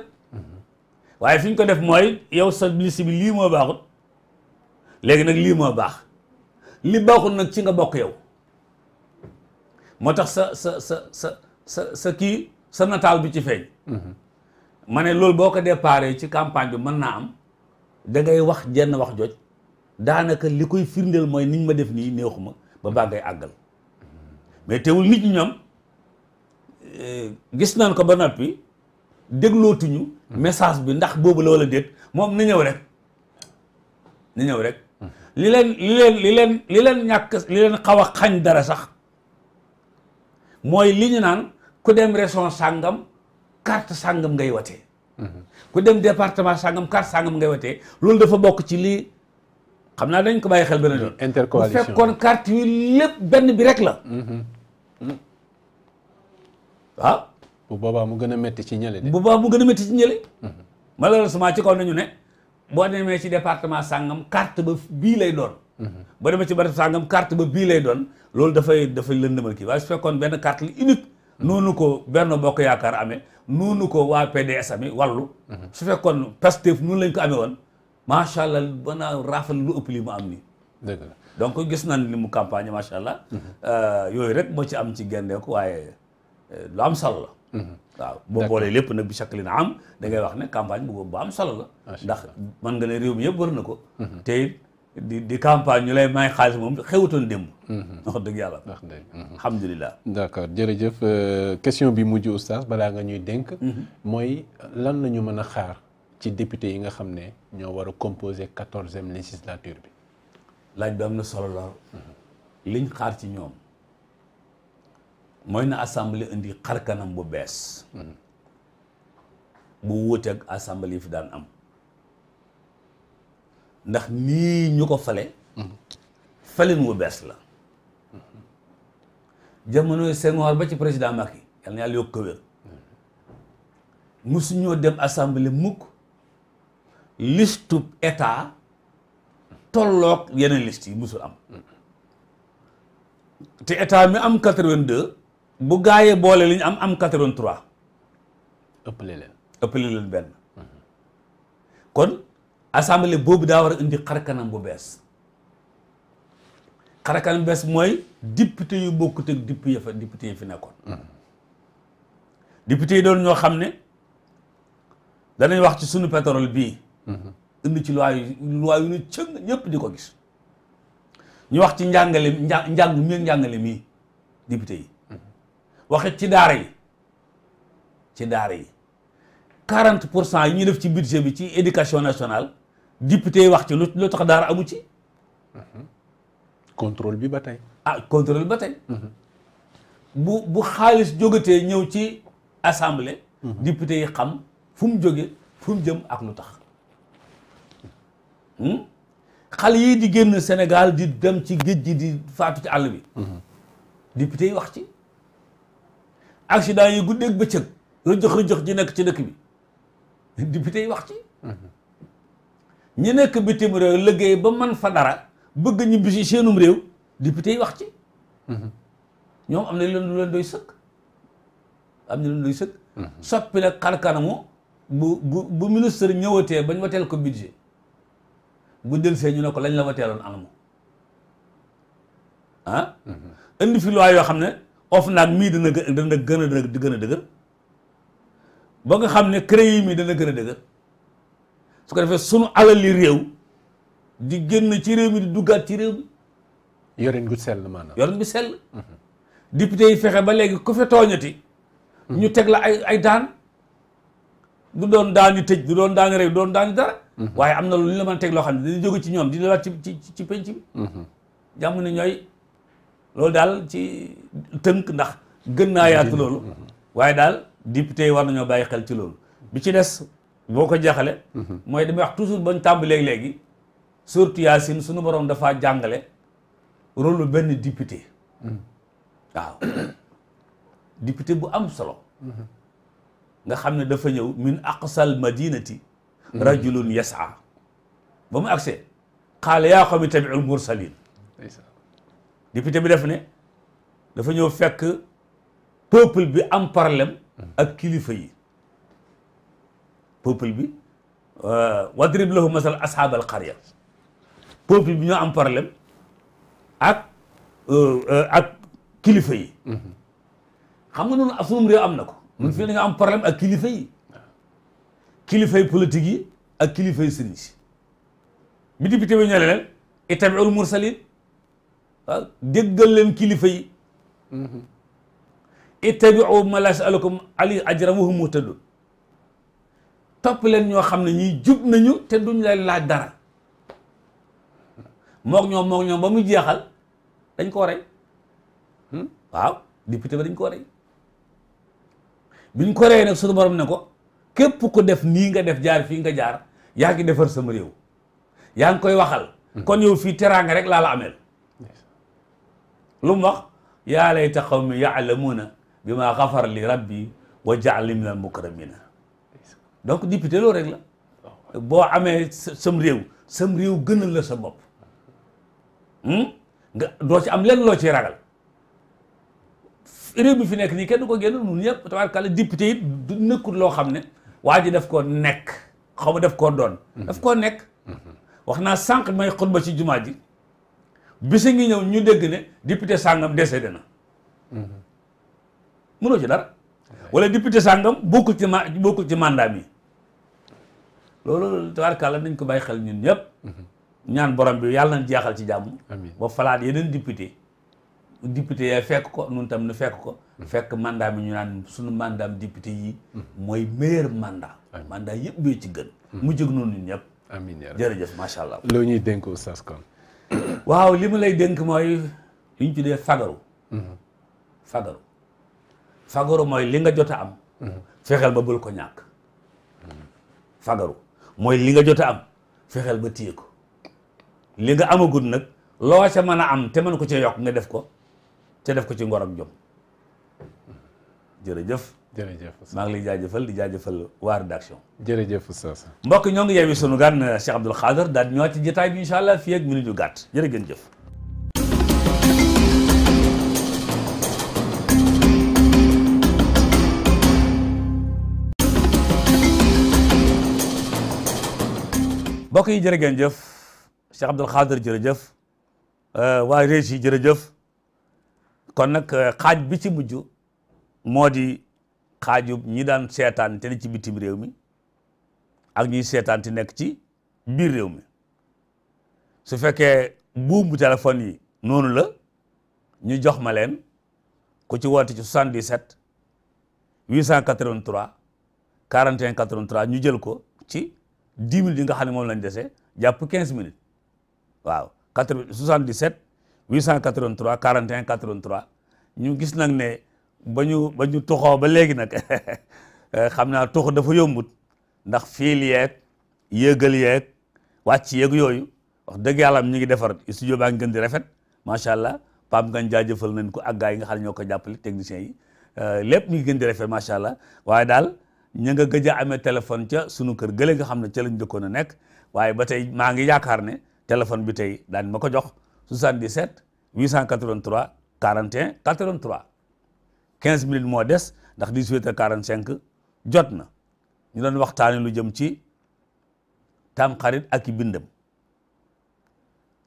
waaye fi ñu ko def mooy yow sa liste bi lii moo baaxut léegi nag lii moo baax li baaxut nag ci nga bokk yow moo tax sa sa sa sa sa kii sa nataal bi ci feeñ mm-hmm. ma ne loolu boo ko déparé ci campagne bi mën naa am da ngay wax jenn wax joj daanaka li koy firndeel mooy niñ ma def nii neexuma ba baa ngay àggal mm-hmm. mais teewul nit ñi ñoom eh, gis naan ko ba noppi déglootuñu message bi ndax boobu la wala déet moom na ñëw rek na ñëw rek li leen li leen li leen li ñàkk li leen xaw a xañ dara sax mooy li ñu naan ku dem région sàngam carte sàngam ngay watee ku dem département sàngam carte sàngam ngay watee loolu dafa bokk ci lii xam naa dañ ko bàyyi xel beneen yoon intercoalition bu fekkoon carte yi lépp benn bi rek la mm-hmm. bu boobaa mu gën a métti ci ñële de. bu boobaa mu gën a métti ci ñële. malheureusement ci kaw nañu ne boo demee si département sàngam carte ba bii lay doon. ba demee ci barab sàngam carte ba bii lay doon loolu dafay dafay lëndëmal kii waaye su fekkoon benn carte la unique. noonu ko Benno Bokk Yaakaar amee noonu ko waa PDS amee wàllu. su fekkoon Pastef noonu lañ ko amee woon macha allah ba naa raafal lu ëpp lii mu am nii. dëgg donc gis nañ li mu campagne macha allah. Euh, yooyu rek moo ci am ci génneeku waaye euh, lu am solo la. waaw boo boolee lépp nag bi chaque na am da ngay wax ne campagne bu bu am solo la ah, ndax mën nga ne réew mi yëpp war na ko mhm. te di di campagne ñu lay may xaalis moom xewutoon démb mhm. [laughs] wax dëgg yàlla wax dëgg mhm. alhamdulilah d'accord jërëjëf euh, question bi mujj oustaz balaa nga ñuy dénk mooy lan la ñu mën a xaar ci député yi nga xam ne ñoo war a composer quatorzième législature bi laaj bi am na solo la liñ xaar ci ñoom mooy na assemblée indi xar kanam bu bees bu wuuteeg assemblée yi fi daan am ndax nii ñu ko fale falin wu bees la jamonoy Senghor ba ci président Macky yal na yàlla yokk ko wér musuñoo dem assemblée mukk listu état tollook yeneen liste yi musul am te état mi am quatre vingt bu gaayee boole li ñu am am 83. ëppale leen ëppale leen benn. kon assemblée boobu daa war a indi xarkanam bu bees. xarakan bés mooy député yu bokkut ak député fa yi fi nekkoon député yi doon ñoo xam ne danañ wax ci sunu pétrole bii indi ci loi loi yu nu cëng ñëpp di ko gis ñu wax ci njàngale njàng mi njàngale mii député yi waxit ci daara yi ci daara yi 40 pour cent yi ñuy def ci budget bi ci éducation nationale député yi wax ci lu lu tax daara amu ci. contrôle bi ba tey. ah contrôle bi mhm. bu bu xaalis jógatee ñëw ci assemblée. Mhm. député yi xam fu mu jóge fu mu jëm ak lu tax. Hmm? xale yii di génn Sénégal di dem ci géej gi di faatu ci àll bi. Mhm. député wax ci. accident yi guddeeg bëccëg rëjëx rëjëx ji nekk ci dëkk bi député yi wax ci ñi nekk bitim réew liggéey ba man fa dara bëgg ñibbisi si seenum réew député yi wax ci ñoom am na leen lu leen doy sëkk am na leen doy sëkk soppi nag xarkanamu bu bu bu ministre ñëwatee bañ wateel ko budget bu del see ñu ne ko lañ la wateeloon anamu ah mhm. indi fi loi yoo xam ne of naag mii dana dana gën a gën a dëgër ba nga xam ne créé mii dana gën a dëgër su ko defee sunu alali réew di génn ci réew mi di duggaat ci réew mi. yorin gu sell maanaam. yorin bi yi fexe ba léegi ku fe tooñati. ñu teg la ay ay daan. du doon daan yu tëj du doon daan rek du doon daan dara. Mhm. waaye am na lu ñu la mën a teg loo xam ne dañuy jóge ci ñoom di la waat ci ci ci penc bi. Mhm. jàmm ne ñooy. loolu daal ci tënk ndax gën naa yaatu loolu waaye daal député yi war nañoo bàyyi xel ci loolu bi ci des boo ko jaxale mooy damay wax toujours bañ tàmbalee léegi surtout Yaasin suñu borom dafa jàngale rôle benn député waaw député bu am solo nga xam ne dafa ñëw min aqsal madinati rajulun yas'a ba mu agsee xaala yaa qawmi tabi'ul mursalin député bi def ne dafa ñëw fekk peuple bi am problème ak kilifa yi peuple bi euh, wadrib lahu masal ashaab al qarya bi ñoo am problème ak euh, euh, ak kilifa yi xam nga noonu sunum réew am na ko mun fii da nga am problème ak kilifa yi kilifa yi politique yi ak kilifa yi si bi député bi ñoo leen ittabiul mursalin waaw ah, déggal leen kilifa yi mm-hmm. ittabiu ma laa yas'alukum ali ajran wa hum topp leen ñoo xam ne ñii jub nañu te duñ la laaj dara mook ñoom mook ñoom ba mu jeexal dañ koo rey hmm? waaw député dañ koo rey biñ ko rey nag suñu borom ne ko képp ko def nii nga def jaar fii nga jaar yaa ngi defar sama réew yaa ngi koy waxal hmm. kon yow fii teraanga rek laa la ameel lu mu wax yaa layta qawmi yaalamuuna bi ma xafar li rabbi wa jaali min al mukramina donc député loolu rek la boo amee sam réew sam réew la sa bopp hmm? nga doo ci am lenn loo ciy ragal réew bi fi nekk nii kenn du ko génn nun ñëpp tabaarkalla député it du nekkul loo xam ne waa ji daf koo nekk xaw ma daf koo doon daf koo nekk mm-hmm. wax naa sànq ma xutba ci jumaa ji bisi ngi ñëw ñu dégg ne député sàngam décédé na mhm. mënoo ci dara wala député sàngam bokkul ci ma bokkul ci mandat mi loolu tabarkàlla nañ ko bàyyi xel ñun ñëpp mhm. ñaan borom bi yàlla nañ jeexal ci jàmm ba falaat yeneen député député yaa fekk ko nun tam nu fekk ko mhm. fekk mandat bi ñu naan sunu mandat député yi mooy meilleur mandat mandat yëpp bee ci gën mu jëg noonu ñun ñëpp amiin jërëjëf macha allah loo ñuy dénk Oustaz kon waaw li ma lay dénk mooy li ñu dee fagaru mhm. fagaru fagaru mooy li nga jot a am mhm. fexeel ba bul ko ñàkk fagaru mooy li nga jot a am fexeel ba téye ko li nga amagut nag loo ca mën a am te mën ko ci yokk nga def ko te def ko ci ngor ak jom mhm. jërëjëf jërëjëf maa ngi lay jaajëfal di jaajëfal waa rédaction. jërëjëf Oustaz. mbokk ñoo ngi yeewi sunu gan Cheikh Abdoul Khadr daal di ñëwaat ci jotaay bi incha allah fii ak jëf. mbokk yi jërë jëf Cheikh Abdoul Khadr jërëjëf euh, waa jërëjëf kon nag euh, xaaj bi ci mujj moo di. xaajub ñi daan seetaan te ci bitim réew mi ak ñuy seetaan te nekk ci biir réew mi su fekkee buumu téléphone yi noonu la ñu jox ma leen ku ci woote ci 77 883 41 83 ñu jël ko ci 10 minutes yi nga xam ne moom lañ dese jàpp 15 minutes waaw 77 883 41 83 ñu gis nag ne. ba ñu ba ñu toxoo ba léegi nag [laughs] eh, xam naa toxu dafa yombut ndax fiil yeeg yëgal yeeg wàcc yeeg yooyu wax dëgg yàlla ñu ngi defar studio baa ngi gën di rafet macha allah Pape Ngagne jaajëfal nañ ko ak gaa yi nga xam ne ñoo ko jàppale techniciens yi eh, lépp ñu ngi gën di rafet macha allah waaye daal ñu nga gëj a amee téléphone ca sunu kër gële nga xam ne ca lañ dëkkoon a nekk waaye ba tey maa ngi yaakaar ne téléphone bi tey daan ma ko jox 77 883 41 83 15 minutes moo des ndax 18 heures 45 jot na ñu doon waxtaane lu jëm ci tamxarit ak i bindam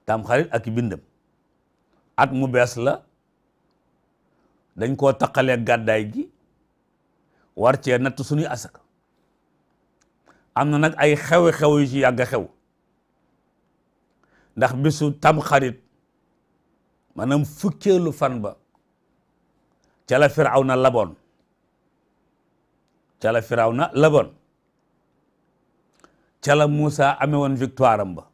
tamxarit ak i bindam at mu bees la dañ koo taqalee gàddaay gi war cee natt suñuy asaka am na nag ay xew-xew yu ci yàgg xew ndax bisu tamxarit maanaam fukkeelu fan ba ca la firaw na laboon ca la firaw na laboon ca la Moussa amee ba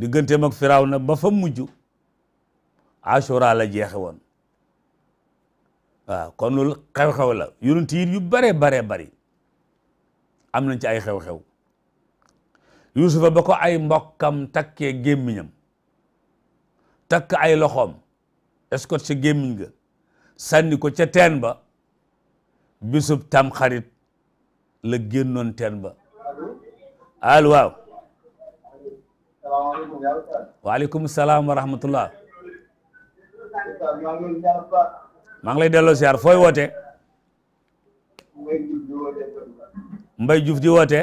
diggante ak firaw na ba fa mujj Ashura la jeexe woon waaw kon loolu xew-xew la yonent yi yu bare bare bari am nañ ci ay xew-xew Yuusufa ba ko ay mbokkam takkee gémmiñam takk ay loxoom escot sa gémmiñ ga sànni ko ca teen ba bisub tam xarit la génnoon teen ba allo waaw waaleykum salaam wa rahmatullah maa ngi lay delloo siyaar fooy woote Mbay Juuf di woote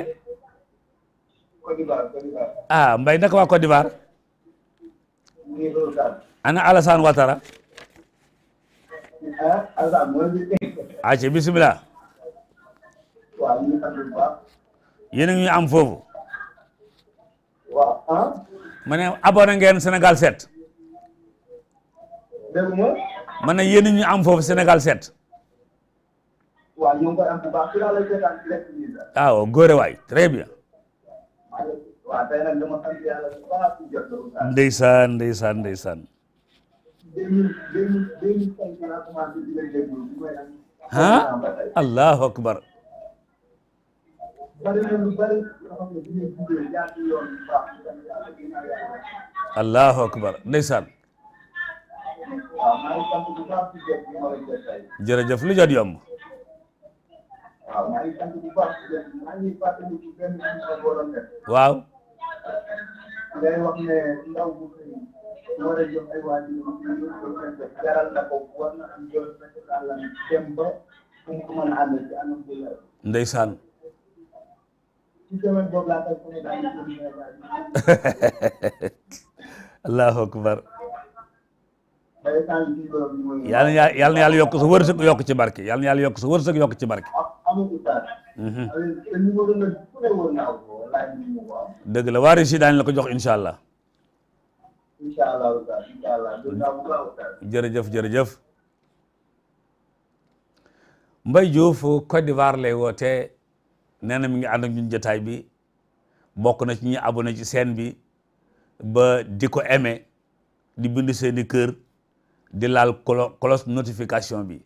ah Mbay naka waa Côte d'Ivoire ana Alassane Ouattara aca bisimilah yéen a ngi am foofu ah. ma ne abonné ngeen Sénégal 7 ma ne yéen am foofu Sénégal 7 waaw góore waay très bien ndeysaan ndeysaan ndeysaan ah allahu akbar allahu akbar ndeysaan jërëjëf lu jot yomb waaw nga war a jox allahu akbar yàlla na yàlla na yàlla yokk sa wërsëg yokk ci barke yàlla na yàlla yokk sa wërsëg yokk ci barke. Mhm. dëgg la waa Russie daañu la ko jox incha hmm. jërëjëf jërëjëf Mbaye Diouf Côte d'Ivoire lay woote nee na mi ngi ànd ak ñun jotaay bi bokk na ci ñi abonné ci seen bi ba di ko aimé di bind seeni kër di laal cloche notification bi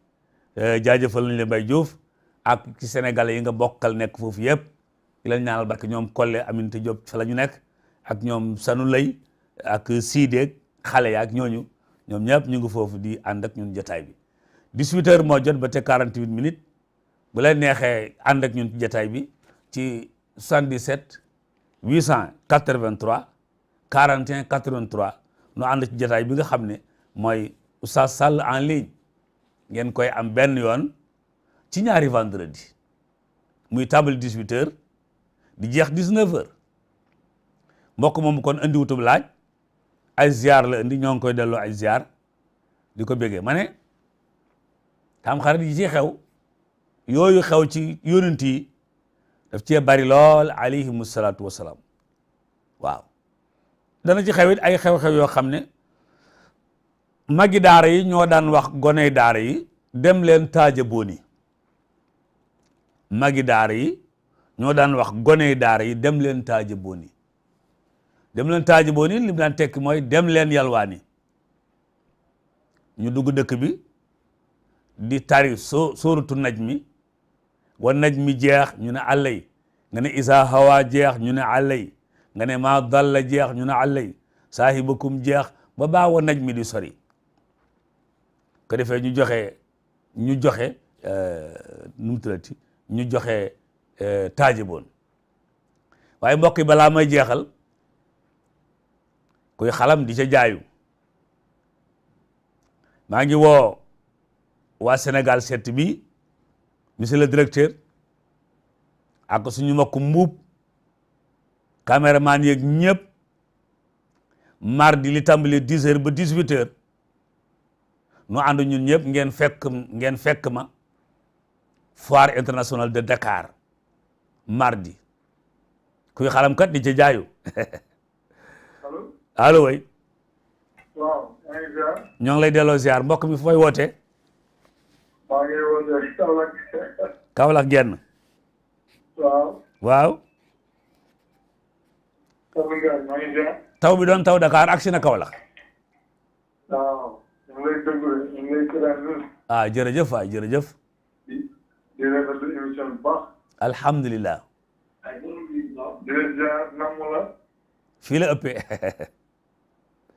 eh, jaajëfal nañ la Mbaye Diouf ak ci sénégalais yi nga bokkal nekk foofu yëpp di leen ñaanal barke ñoom Collé Aminata Diop fa la nekk ak ñoom Sanu Lay ak siideeg xale yaak ñooñu ñoom ñëpp ñu ngi foofu di ànd ak ñun jotaay bi 18h moo jot ba te 48 minutes bu leen neexee ànd ak bi ci jotaay bi ci 77 883 41 83 nu ànd ci jotaay bi nga xam ne mooy Oustaz Sall en ligne ngeen koy am benn yoon ci ñaari vendredi muy table 18 di jeex 19h mbokk moomu kon andiwutub laaj. ay ziar la indi ñoo ngi koy delloo ay ziar di ko béggee mane ne tam xarit yi ci xew yooyu xew ci yonent yi daf cee bari lool alayhim salaatu wasalaam waaw dana ci xewit ay xew-xew yoo xam ne magi daara yi ñoo daan wax goney daara yi dem leen taaja booni magi daara yi ñoo daan wax goney daara yi dem leen taaja booni dem leen taajiboo ni li mu daan tekki mooy dem leen yalwaani ñu dugg dëkk bi di tari soo sóoratu naj mi wa naj mi jeex ñu ne àllay nga ne isaa hawa jeex ñu ne àllay nga ne ma dalla jeex ñu ne àllay saahibakum jeex ba baa wa naj mi di sori ko defee ñu joxe ñu joxe euh, nu mu ñu joxe euh, taajiboon waaye mbokk yi jeexal kuy xalam di ca jaayu maa ngi woo waa senegal set bi monsieur le directeur ak suñu mbokk mbuub maan yeeg ñëpp mardi li tàmbali dix heures ba dix huit heures nu ànd ñun ñëpp ngeen fekk ngeen fekk ma foire internationale de Dakar mardi kuy xalam kat di ca jaayu [laughs] allo way waaw ñoo ngi lay delloo mbokk mi fooy wootee maa ngi wootee taw bi doon taw Dakar agsi na Kaolack waaw ñu lay déglu ñu lay këraan ah jërëjëf alhamdulilah di la fii [laughs]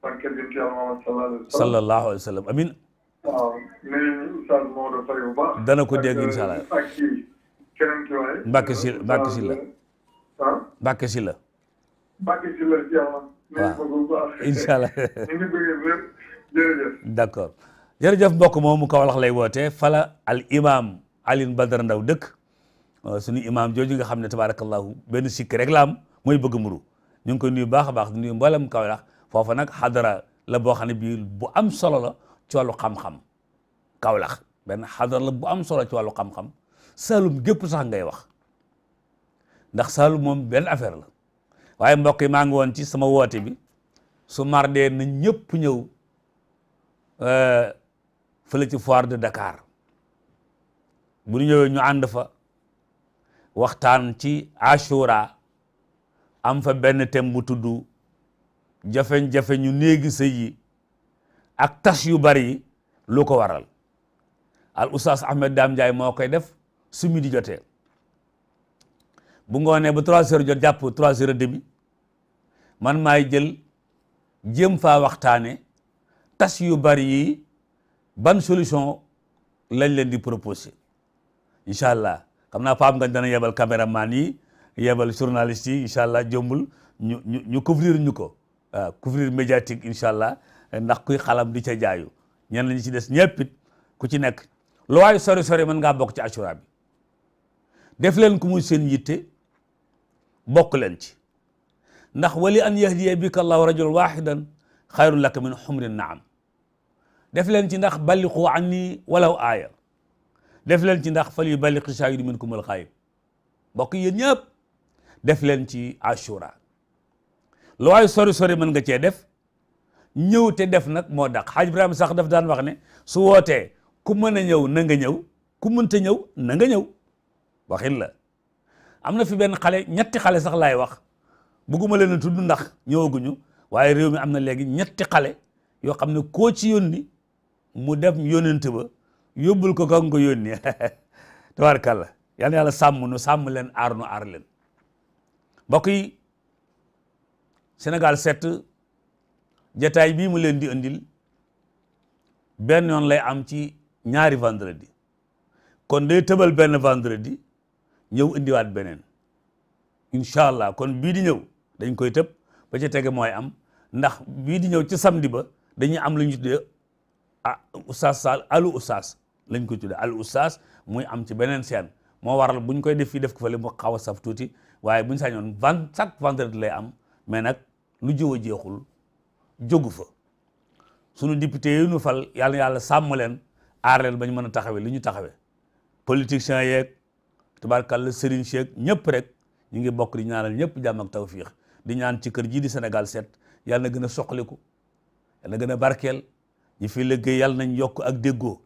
barke bi ci Muhammad sallallahu alayhi sallam amin dana ko dégg incha allah ak kii keneen ki waaye la ah Mbacke allah [laughs] ñu ngi bëgg lépp jërëjëf d' accord jërëjëf mbokk moomu lay wootee fala al imam Alioune Badara Ndaw dëkk euh, suñu imam jooju nga xam ne tabarakallahu benn sikk rek la am mooy bëgg mburu ñu ngi koy nuyu baax a baax di nuyu mboolem foofu nag xadara la boo xam ne bii bu am solo la ci wàllu xam-xam Kaolack benn xadara la bu am solo ci wàllu xam-xam Saalum gépp sax ngay wax ndax Saalum moom benn affaire la waaye mbokk yi maa ngi woon ci sama woote bi su mardee na ñëpp ñëw euh, fële ci foire de Dakar bu ñu ñëwee ñu ànd fa waxtaan ci Ashura am fa benn thème bu tudd jafe-jafe ñu néegi sëy yi ak tas yu bari yi lu ko waral al oustaz Ahmed Dame Ndiaye moo koy def su di jotee bu ngoonee ba trois heures jot jàpp trois heures et demi man maay jël jéem faa waxtaane tas yu bari yi ban solution lañ leen di proposer incha allah xam naa Pape Ngagne dana yebal caméraman yi yebal journaliste yi incha allah jombul ñu ñu ñu couvrir ñu ko waaw euh, couvrir médiatique incha allah ndax kuy xalam di ca jaayo ñen lañu ci des ñëpp ku ci nekk lu waayu sori sori mën ngaa bokk ci assura bi def leen ku muy seen yitte bokk leen ci ndax wali an yahdiya bika allahu rajulan wahidan xayrun laka min humrin naam def leen ci ndax balliqu anni walaw aaya def leen ci ndax fal yuballiq shaahidu minkum al ghaayib bokk yéen ñëpp def leen ci assura lu waay sori sori mën nga cee def ñëw te def nag moo daq xaaj Ibrahima sax daf daan wax ne su wootee ku mën a ñëw na nga ñëw ku mënta ñëw na nga ñëw waxin la am na fi benn xale ñetti xale sax laay wax bëgguma leen a tudd ndax ñëwaguñu waaye réew mi am na léegi ñetti xale yoo xam ne koo ci yónni mu dem yónnent ba yóbbul ko ka nga ko yónni [laughs] tabaarkàlla yal na yàlla sàmm nu sàmm leen aar nu aar leen Sénégal 7 jataay bii mu leen di andil benn yoon lay am ci ñaari vendredi kon day tëbal benn vendredi ñëw indiwaat beneen incha allah kon bii di ñëw dañ koy tëb ba ca tege mooy am ndax bii di ñëw ci samedi ba dañuy am lu ñu tuddee ah oustaz Sall alu lañ koy tuddee alu oustaz muy am ci beneen seen moo waral bu ñu koy def fii def ko fële mu xaw a saf tuuti waaye bu ñu sañoon vingt chaque vendredi lay am mais nag. lu jëw a jeexul jógu fa sunu député yi nu fal yàlla na yàlla sàmm leen aar leen ba ñu mën a taxawee li ñu taxawee politiciens yeeg tubaarkàlla sëriñ Cheikh ñëpp rek ñu ngi bokk di ñaanal ñëpp jàmm ak tawfiix di ñaan ci kër jii di Sénégal set yàlla na gën a soqaliku na gën a barkeel ñi fi liggéey yàlla nañ yokk ak déggoo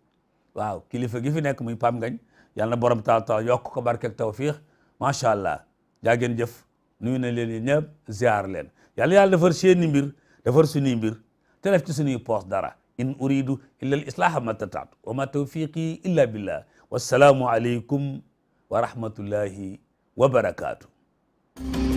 waaw kilifa gi fi nekk muy Pam Ngañ yàlla na borom taal taal yokk ko barkeel tawfiix macha allah jaa ngeen jëf nuyu na leen ñëpp ziar leen. yàlla yàlla defar seeni mbir defar suñuy mbir te def ci suñuy poos dara in uridu illa al islaha ma tataatu wa ma tawfiqi illa billah wassalaamu aleykum wa rahmatullahi wa barakaatu